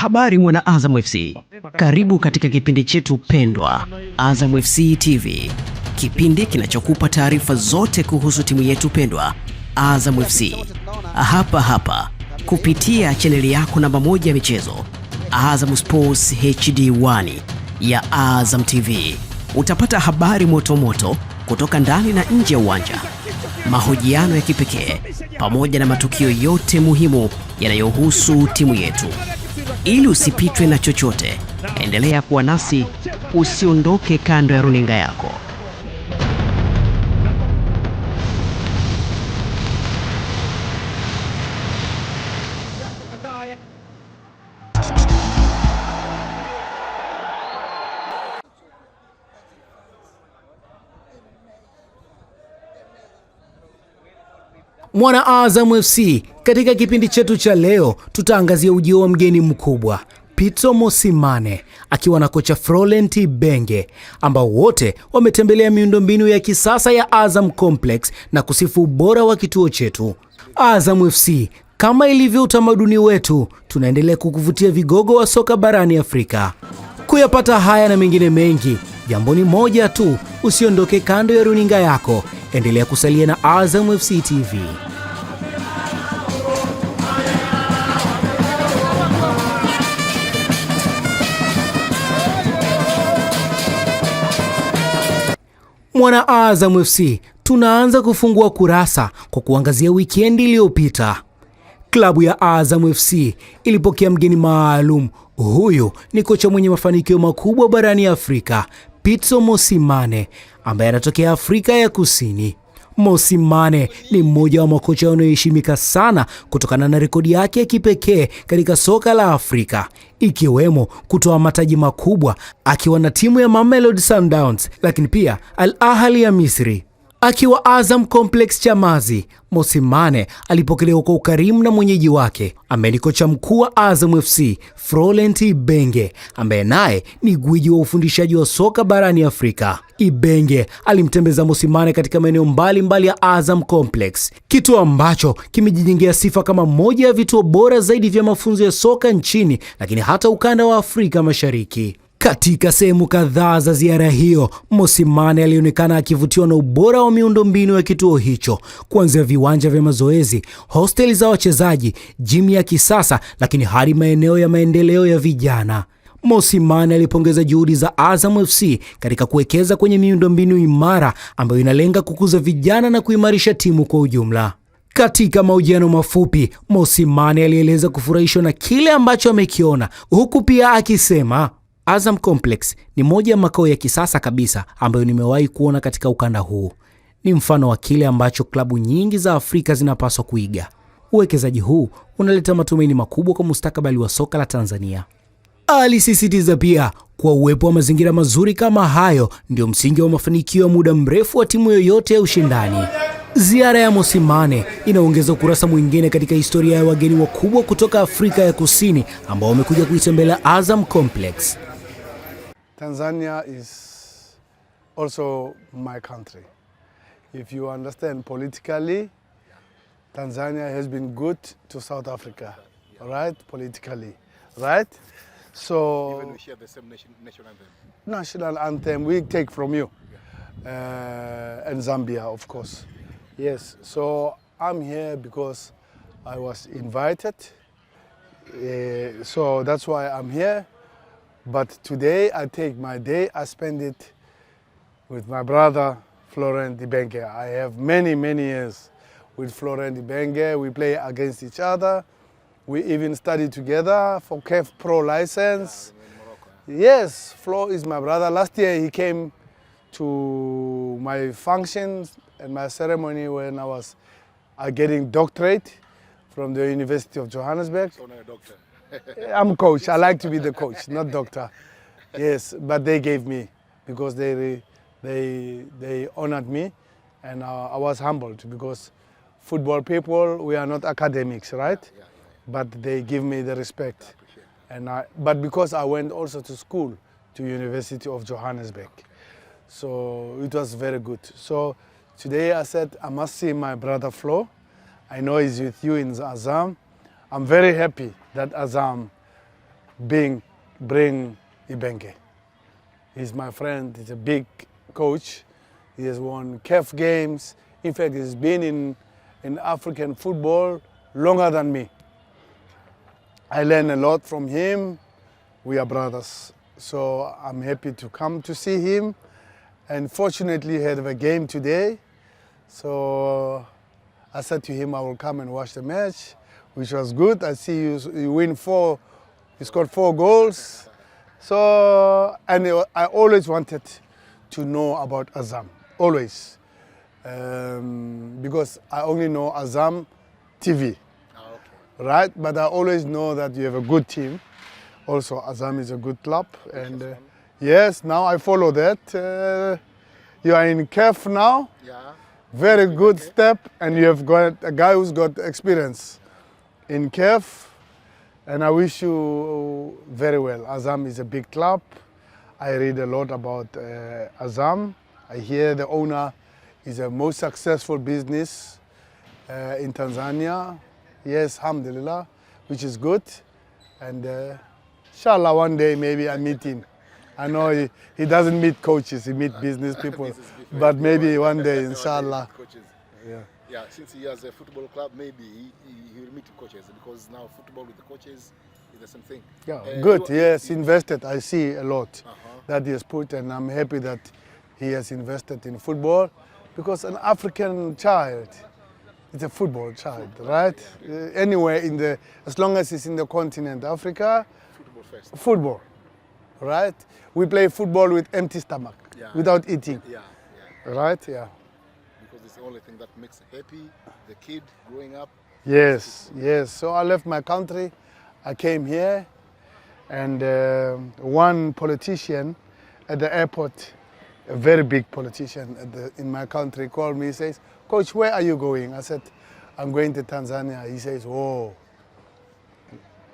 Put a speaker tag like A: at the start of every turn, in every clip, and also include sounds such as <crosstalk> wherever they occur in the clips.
A: Habari mwana Azam FC, karibu katika kipindi chetu pendwa Azam FC TV, kipindi kinachokupa taarifa zote kuhusu timu yetu pendwa Azam FC, hapa hapa kupitia chaneli yako namba moja ya michezo Azam Sports HD 1 ya Azam TV. Utapata habari motomoto moto kutoka ndani na nje ya uwanja, mahojiano ya kipekee pamoja na matukio yote muhimu yanayohusu timu yetu. Ili usipitwe na chochote, endelea kuwa nasi, usiondoke kando ya runinga yako. Mwana Azam FC, katika kipindi chetu cha leo tutaangazia ujio wa mgeni mkubwa Pito Mosimane akiwa na kocha Florent Benge ambao wote wametembelea miundombinu ya kisasa ya Azam Complex na kusifu ubora wa kituo chetu. Azam FC, kama ilivyo utamaduni wetu, tunaendelea kukuvutia vigogo wa soka barani Afrika. Kuyapata haya na mengine mengi, jambo ni moja tu, usiondoke kando ya runinga yako, endelea kusalia na Azam FC TV. Mwana Azam FC tunaanza kufungua kurasa kwa kuangazia wikendi iliyopita. Klabu ya Azam FC ilipokea mgeni maalum Huyu ni kocha mwenye mafanikio makubwa barani Afrika, Pitso Mosimane ambaye anatokea Afrika ya Kusini. Mosimane ni mmoja wa makocha wanaoheshimika sana kutokana na rekodi yake ya kipekee katika soka la Afrika, ikiwemo kutoa mataji makubwa akiwa na timu ya Mamelodi Sundowns, lakini pia Al Ahly ya Misri. Akiwa Azam Complex Chamazi, Mosimane alipokelewa kwa ukarimu na mwenyeji wake amelikocha mkuu wa Azam FC Florent Ibenge ambaye naye ni gwiji wa ufundishaji wa soka barani Afrika. Ibenge alimtembeza Mosimane katika maeneo mbalimbali ya Azam Complex, kitu ambacho kimejijengea sifa kama moja ya vituo bora zaidi vya mafunzo ya soka nchini, lakini hata ukanda wa Afrika Mashariki. Katika sehemu kadhaa za ziara hiyo, Mosimane alionekana akivutiwa na ubora wa miundombinu ya kituo hicho, kuanzia viwanja vya mazoezi, hosteli za wachezaji, gym ya kisasa, lakini hadi maeneo ya maendeleo ya vijana. Mosimane alipongeza juhudi za Azam FC katika kuwekeza kwenye miundombinu imara ambayo inalenga kukuza vijana na kuimarisha timu kwa ujumla. Katika mahojiano mafupi, Mosimane alieleza kufurahishwa na kile ambacho amekiona, huku pia akisema Azam Complex ni moja ya makao ya kisasa kabisa ambayo nimewahi kuona katika ukanda huu. Ni mfano wa kile ambacho klabu nyingi za Afrika zinapaswa kuiga. Uwekezaji huu unaleta matumaini makubwa kwa mustakabali wa soka la Tanzania. Alisisitiza pia kwa uwepo wa mazingira mazuri kama hayo ndio msingi wa mafanikio ya muda mrefu wa timu yoyote ya ushindani. Ziara ya Mosimane inaongeza ukurasa mwingine katika historia ya wageni wakubwa kutoka Afrika ya Kusini ambao wamekuja kuitembelea Azam Complex.
B: Tanzania is also my country. If you understand politically, Tanzania has been good to South Africa, right? Politically, right? So even we share the same nation, national anthem. National anthem we take from you, uh, and Zambia, of course. Yes. So I'm here because I was invited. Uh, so that's why I'm here. But today I take my day, I spend it with my brother Florent Dibenge. I have many, many years with Florent Dibenge. We play against each other. We even study together for KEF Pro license. Yeah, Morocco, yeah. Yes, Flo is my brother. Last year he came to my functions and my ceremony when I was uh, getting doctorate from the University of Johannesburg. So now doctor. I'm coach. I like to be the coach, not doctor. Yes, but they gave me because they they they honored me, and uh, I was humbled because football people we are not academics, right? Yeah, yeah, yeah. But they give me the respect, I and I, but because I went also to school to University of Johannesburg, okay. so it was very good. So today I said I must see my brother Flo. I know he's with you in Azam. I'm very happy that Azam being bring Ibenge. He's my friend, he's a big coach. He has won CAF games. In fact, he's been in, in African football longer than me. I learn a lot from him. We are brothers. So I'm happy to come to see him. And fortunately, he had a game today. So I said to him, I will come and watch the match which was good. I see you, you win four, you scored four goals. So, and I always wanted to know about Azam, always. Um, because I only know Azam TV, oh, ah, okay. right? But I always know that you have a good team. Also, Azam is a good club. And uh, yes, now I follow that. Uh, you are in Kef now. Yeah. Very good okay. step, and you have got a guy who's got experience in CAF. And I wish you very well. Azam is a big club. I read a lot about uh, Azam. I hear the owner is the most successful business uh, in Tanzania. Yes, alhamdulillah, which is good. And uh, inshallah, one day maybe I meet him. I know he, he doesn't meet coaches, he meets <laughs> business people. business people. But maybe one day, <laughs> inshallah.
C: Yeah. Yeah, since he has a football club, maybe he, he, will meet coaches because now football with the coaches is the same thing.
B: Yeah, uh, good. He invested. I see a lot uh -huh. that he has put, and I'm happy that he has invested in football because an African child is a football child, football, right? Yeah. Uh, anywhere in the, as long as it's in the continent Africa, football first. Football, right? We play football with empty stomach, yeah. without eating, yeah. right? Yeah
C: the only thing that makes happy the kid growing up.
B: Yes, yes. So I left my country, I came here, and uh, one politician at the airport, a very big politician the, in my country, called me. He says, "Coach, where are you going?" I said, "I'm going to Tanzania." He says, "Oh,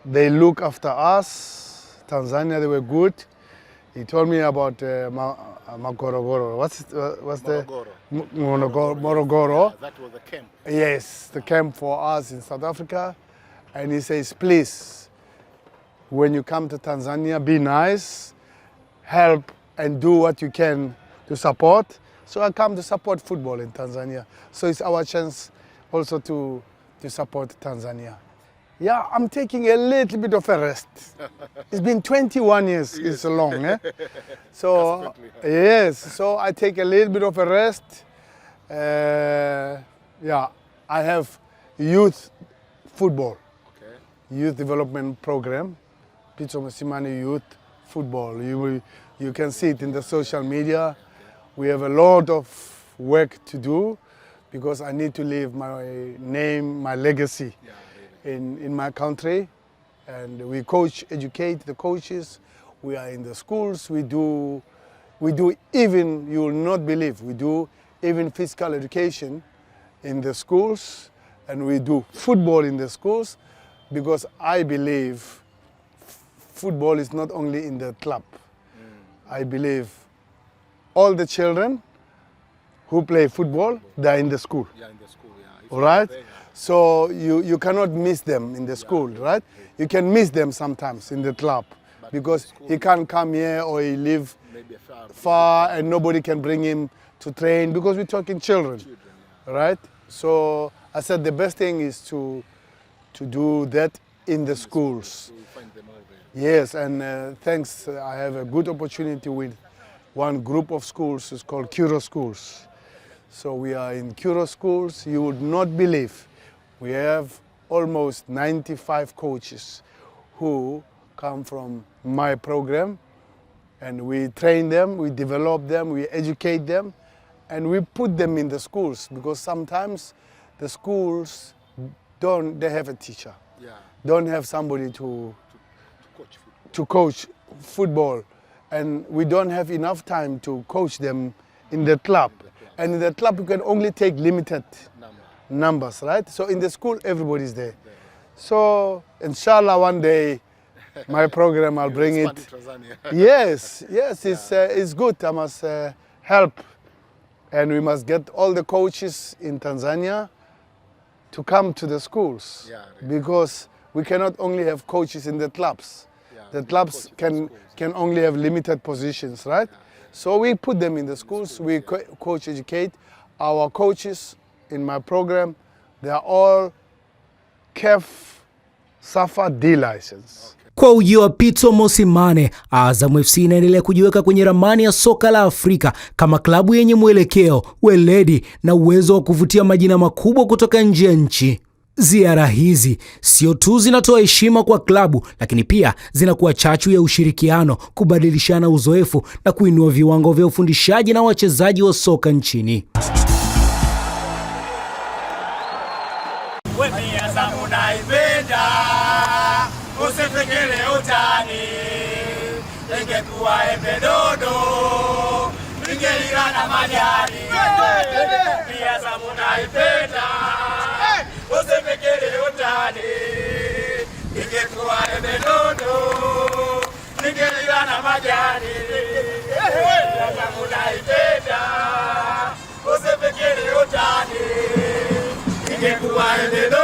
B: they look after us. Tanzania, they were good." He told me about uh, Ma- uh, Magorogoro. What's uh, what's Morogoro. the Morogoro? Morogoro. Yeah,
C: that was the camp.
B: Yes, the camp for us in South Africa, and he says, please, when you come to Tanzania, be nice, help, and do what you can to support. So I come to support football in Tanzania. So it's our chance also to to support Tanzania. Yeah, I'm taking a little bit of a rest. <laughs> it's been 21 years, yes. it's long. Eh? <laughs> So, yes, so I take a little bit of a rest. Uh, yeah, I have youth football, okay. youth development program, Picho Masimani Youth Football. You, will, you can see it in the social media. We have a lot of work to do because I need to leave my name, my legacy. Yeah in, in my country. And we coach, educate the coaches. We are in the schools. We do, we do even, you will not believe, we do even physical education in the schools. And we do football in the schools because I believe football is not only in the club. Mm. I believe all the children who play football, they're in the school. Yeah, in the school, yeah. All right? yeah. So you, you cannot miss them in the school, right? You can miss them sometimes in the club because he can't come here or he live far and nobody can bring him to train because we're talking children, right? So I said the best thing is to to do that in the schools. Yes, and uh, thanks, I have a good opportunity with one group of schools. It's called Kuro Schools. So we are in Kuro Schools. You would not believe we have almost 95 coaches who come from my program and we train them, we develop them, we educate them and we put them in the schools because sometimes the schools don't they have a teacher. Yeah. Don't have somebody to to, to, coach to, coach football and we don't have enough time to coach them in the club. In the club. And in the club you can only take limited Number numbers, right? So in the school, everybody's there. So inshallah, one day, my program, I'll <laughs> bring it. <laughs> yes, yes, it's, uh, it's good. I must uh, help. And we must get all the coaches in Tanzania to come to the schools. Yeah, really. Because we cannot only have coaches in the clubs. Yeah, the clubs can, schools, can only have limited positions, right? Yeah, so we put them in the schools, the we co coach educate our coaches, in my program, they are all KEF SAFA D license. Okay.
A: Kwa ujio wa Pitso Mosimane, Azam FC inaendelea kujiweka kwenye ramani ya soka la Afrika kama klabu yenye mwelekeo, weledi na uwezo wa kuvutia majina makubwa kutoka nje ya nchi. Ziara hizi sio tu zinatoa heshima kwa klabu, lakini pia zinakuwa chachu ya ushirikiano, kubadilishana uzoefu na kuinua viwango vya ufundishaji na wachezaji wa soka nchini. waembe dodo ingelira na majani pia zamu naipenda utani ingekuwa embe dodo ingelira na majani utani embe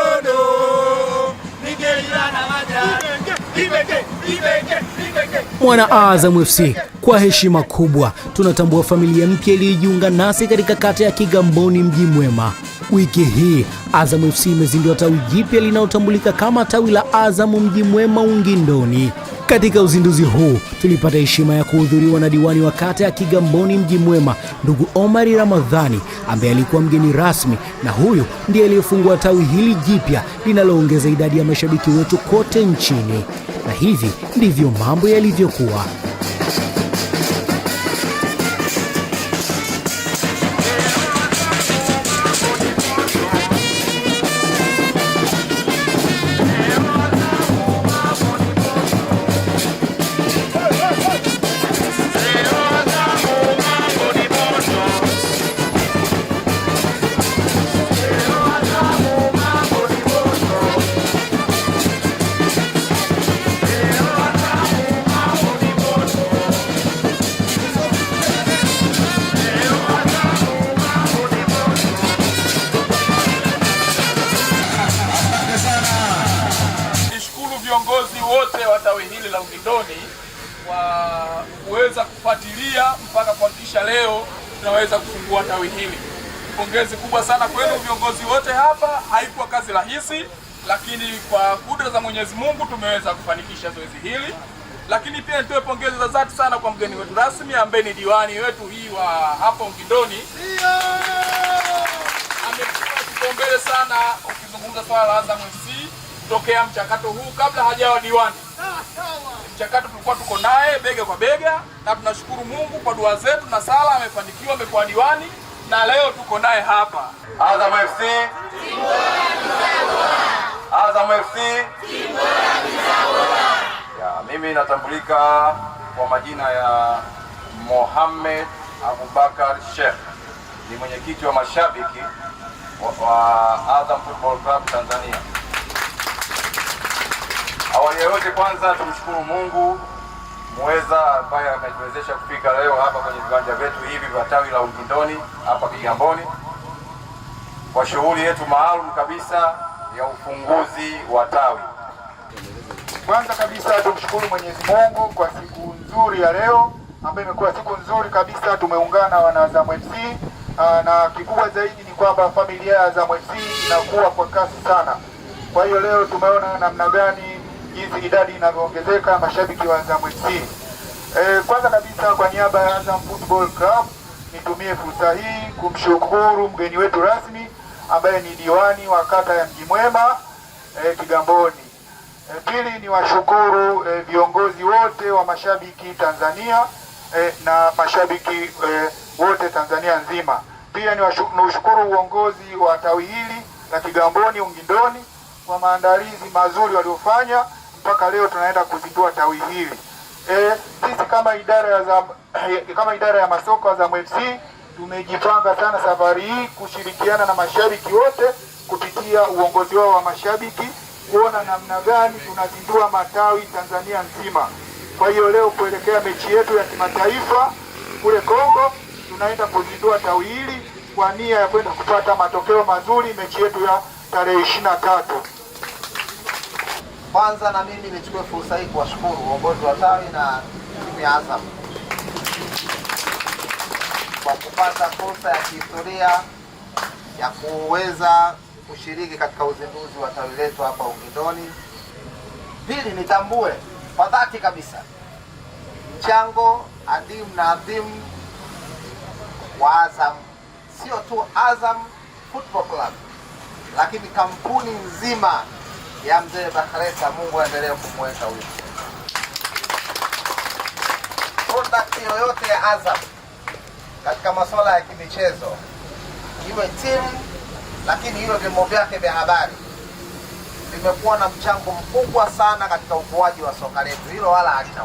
A: Mwana Azam FC, kwa heshima kubwa tunatambua familia mpya iliyojiunga nasi katika kata ya Kigamboni mji mwema. Wiki hii Azam FC imezindua tawi jipya linalotambulika kama tawi la Azam mji mwema Ungindoni. Katika uzinduzi huu tulipata heshima ya kuhudhuriwa na diwani wa kata ya Kigamboni mji mwema ndugu Omari Ramadhani ambaye alikuwa mgeni rasmi, na huyu ndiye aliyefungua tawi hili jipya linaloongeza idadi ya mashabiki wetu kote nchini na hivi ndivyo mambo yalivyokuwa.
D: pongezi kubwa sana kwenu viongozi wote hapa. Haikuwa kazi rahisi, lakini kwa kudra za Mwenyezi Mungu tumeweza kufanikisha zoezi hili, lakini pia nitoe pongezi za dhati sana kwa mgeni wetu rasmi ambaye ni diwani wetu hii wa hapa Ukindoni. Amekuwa kipaumbele sana ukizungumza swala la Azam FC tokea mchakato huu kabla hajawa diwani mchakato tulikuwa tuko naye bega kwa bega, na tunashukuru Mungu kwa dua zetu na sala amefanikiwa, amekuwa diwani na leo tuko naye hapa.
E: Azam FC timu bora. Azam FC timu bora. Ya, mimi natambulika kwa majina ya Mohamed Abubakar Sheikh, ni mwenyekiti wa mashabiki wa Azam Football Club Tanzania. Awali ya yote, kwanza tumshukuru Mungu mweza ambaye ametuwezesha kufika leo hapa kwenye viwanja vyetu hivi vya tawi la Ugindoni hapa Kigamboni kwa shughuli yetu maalum kabisa ya ufunguzi wa tawi. Kwanza kabisa tumshukuru Mwenyezi Mungu kwa siku nzuri ya leo ambayo imekuwa siku nzuri kabisa, tumeungana wana Azam FC, ah, na kikubwa zaidi ni kwamba familia ya Azam FC inakuwa kwa kasi sana. Kwa hiyo leo tumeona namna gani jinsi idadi inavyoongezeka mashabiki wa Azam FC. E, eh, kwanza kabisa kwa niaba ya Azam Football Club nitumie fursa hii kumshukuru mgeni wetu rasmi ambaye ni diwani wa kata ya Mji Mwema e, Kigamboni. E, pili ni washukuru e, viongozi wote wa mashabiki Tanzania e, na mashabiki e, wote Tanzania nzima. Pia washukuru uongozi wa tawi hili la Kigamboni Ungindoni kwa maandalizi mazuri waliofanya mpaka leo tunaenda kuzindua tawi hili. E, sisi kama idara ya za, <clears throat> kama idara ya masoko ya Azam FC tumejipanga sana safari hii kushirikiana na mashabiki wote kupitia uongozi wao wa mashabiki kuona namna gani tunazindua matawi Tanzania nzima. Kwa hiyo leo kuelekea mechi yetu ya kimataifa kule Kongo tunaenda kuzindua tawi hili kwa nia ya kwenda kupata matokeo mazuri mechi yetu ya tarehe ishirini na tatu. Kwanza na mimi nichukue fursa hii kuwashukuru uongozi wa tawi na timu ya Azam kwa kupata fursa ya kihistoria ya kuweza kushiriki katika uzinduzi wa tawi letu hapa Ugindoni. Pili, nitambue kwa dhati kabisa mchango adimu na adhimu wa Azam, sio tu Azam Football Club, lakini kampuni nzima ya mzee Bakhresa. Mungu aendelee kumweka huyu. Product yoyote ya Azam katika masuala ya kimichezo, iwe timu lakini hiyo vyombo vyake vya habari vimekuwa na mchango mkubwa sana katika ukuaji wa soka letu, hilo wala halina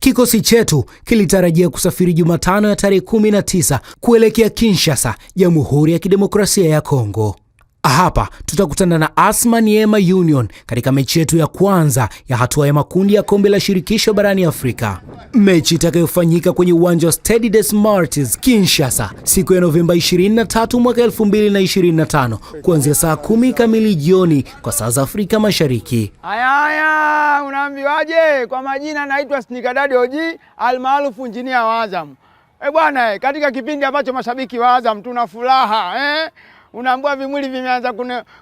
A: Kikosi chetu kilitarajia kusafiri Jumatano ya tarehe 19 kuelekea Kinshasa, Jamhuri ya Kidemokrasia ya Kongo. Hapa tutakutana na Asma Niema Union katika mechi yetu ya kwanza ya hatua ya makundi ya kombe la shirikisho barani Afrika, mechi itakayofanyika kwenye uwanja wa Stade des Martyrs Kinshasa siku ya Novemba 23 mwaka 2025 kuanzia saa kumi kamili jioni kwa saa za Afrika Mashariki.
F: Aya, aya, unaambiwaje? Kwa majina naitwa Sneaker Daddy OG almaarufu injinia wa Azam. Eh bwana, eh, katika kipindi ambacho mashabiki wa Azam tuna furaha eh? unaambua vimwili vimeanza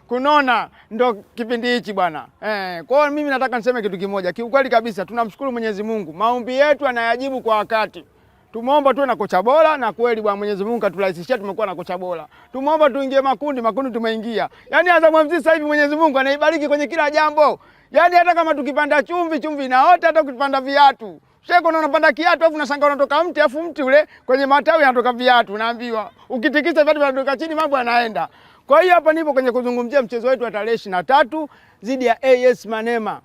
F: kunona, ndo kipindi hichi bwana eh. Kwa hiyo mimi nataka niseme kitu kimoja kiukweli kabisa, tunamshukuru Mwenyezi Mungu, maombi yetu anayajibu kwa wakati. Tumeomba tuwe na kocha bora na kweli bwana Mwenyezi Mungu katurahisishia, tumekuwa na kocha bora. Tumeomba tuingie makundi, makundi tumeingia. Yaani Azam FC sasa hivi Mwenyezi Mungu anaibariki kwenye kila jambo, yaani hata kama tukipanda chumvi, chumvi inaota, hata ukipanda viatu Sheko na unapanda kiatu afu unashangaa unatoka mti afu mti ule kwenye matawi yanatoka viatu unaambiwa. Ukitikisa viatu vinatoka chini mambo yanaenda. Kwa hiyo hapa nipo kwenye kuzungumzia mchezo wetu wa tarehe ishirini na tatu dhidi ya AS Manema.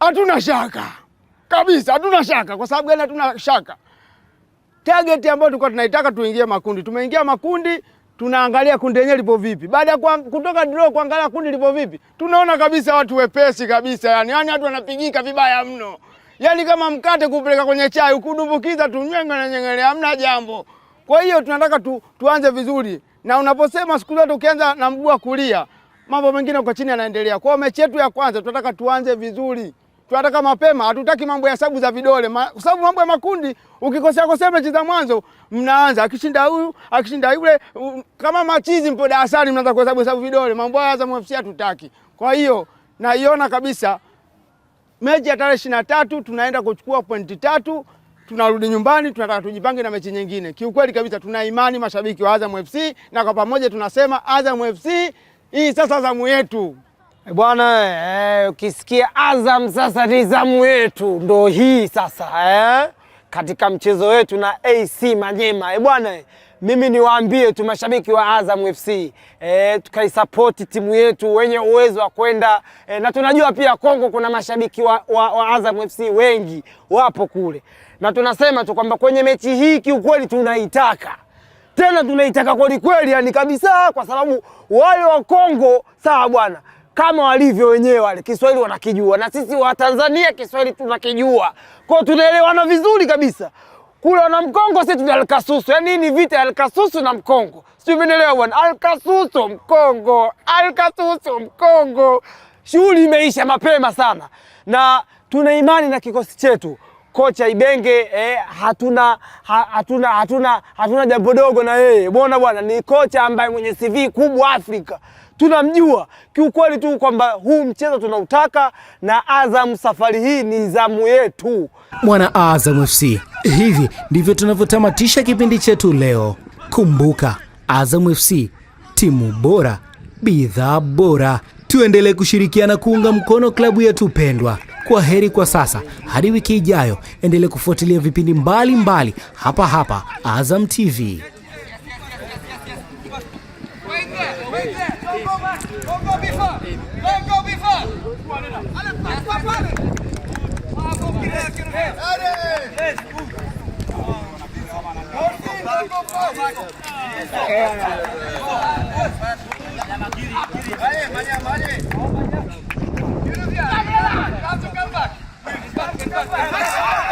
F: Hatuna shaka. Kabisa hatuna shaka. Kwa sababu gani hatuna shaka? Target ambayo tulikuwa tunaitaka tuingie makundi. Tumeingia makundi, tunaangalia kundi lenyewe lipo vipi. Baada ya kutoka draw kuangalia kundi lipo vipi, tunaona kabisa watu wepesi kabisa yani, yani watu wanapigika vibaya mno yaani kama mkate kupeleka kwenye chai ukudumbukiza tu nyenga na nyengele, hamna jambo. Kwa hiyo tunataka tu, tuanze vizuri, na unaposema siku zote ukianza na mguu wa kulia mambo mengine kwa chini yanaendelea. Kwa hiyo mechi yetu ya kwanza tunataka tuanze vizuri, tunataka mapema, hatutaki mambo ya sabu za vidole Ma, kwa sababu mambo ya makundi ukikosea kosea mechi za mwanzo mnaanza akishinda huyu akishinda yule, kama machizi mpo darasani mnaanza kuhesabu hesabu vidole. Mambo ya Azam FC hatutaki. Kwa hiyo naiona kabisa mechi ya tarehe ishirini na tatu tunaenda kuchukua pointi tatu, tunarudi nyumbani, tunataka tujipange na mechi nyingine. Kiukweli kabisa, tuna imani mashabiki wa Azam FC, na kwa pamoja tunasema Azam FC hii sasa zamu yetu eh, bwana. Eh, ukisikia eh, Azam sasa ni zamu yetu, ndo hii sasa eh, katika mchezo wetu na AC Manyema eh, bwana eh, mimi niwaambie tu mashabiki wa Azam FC e, tukaisapoti timu yetu wenye uwezo wa kwenda e, na tunajua pia Kongo kuna mashabiki wa, wa, wa Azam FC wengi wapo kule, na tunasema tu kwamba kwenye mechi hii kiukweli tunaitaka tena tunaitaka kweli kweli, yani kabisa, kwa sababu wale wa Kongo sawa bwana kama walivyo wenyewe wale, Kiswahili wanakijua na sisi wa Tanzania Kiswahili tunakijua, kwao tunaelewana vizuri kabisa kule na Mkongo, sisi tuna Alkasusu. Yaani ni vita ya Alkasusu na Mkongo, sijui umenielewa bwana. Alkasusu Mkongo, Alkasusu Mkongo. Shughuli imeisha mapema sana, na tuna imani na kikosi chetu kocha Ibenge eh, hatuna, ha, hatuna hatuna hatuna jambo dogo na yeye. Bona bwana ni kocha ambaye mwenye CV kubwa Afrika tunamjua kiukweli tu kwamba huu mchezo tunautaka, na Azam safari hii ni zamu yetu
A: mwana Azam FC. Hivi ndivyo tunavyotamatisha kipindi chetu leo. Kumbuka, Azam FC timu bora, bidhaa bora. Tuendelee kushirikiana kuunga mkono klabu yetu pendwa. Kwa heri kwa sasa, hadi wiki ijayo. Endelee kufuatilia vipindi mbalimbali mbali, hapa hapa Azam TV. Yürü ya! Come back! Come back! Come back!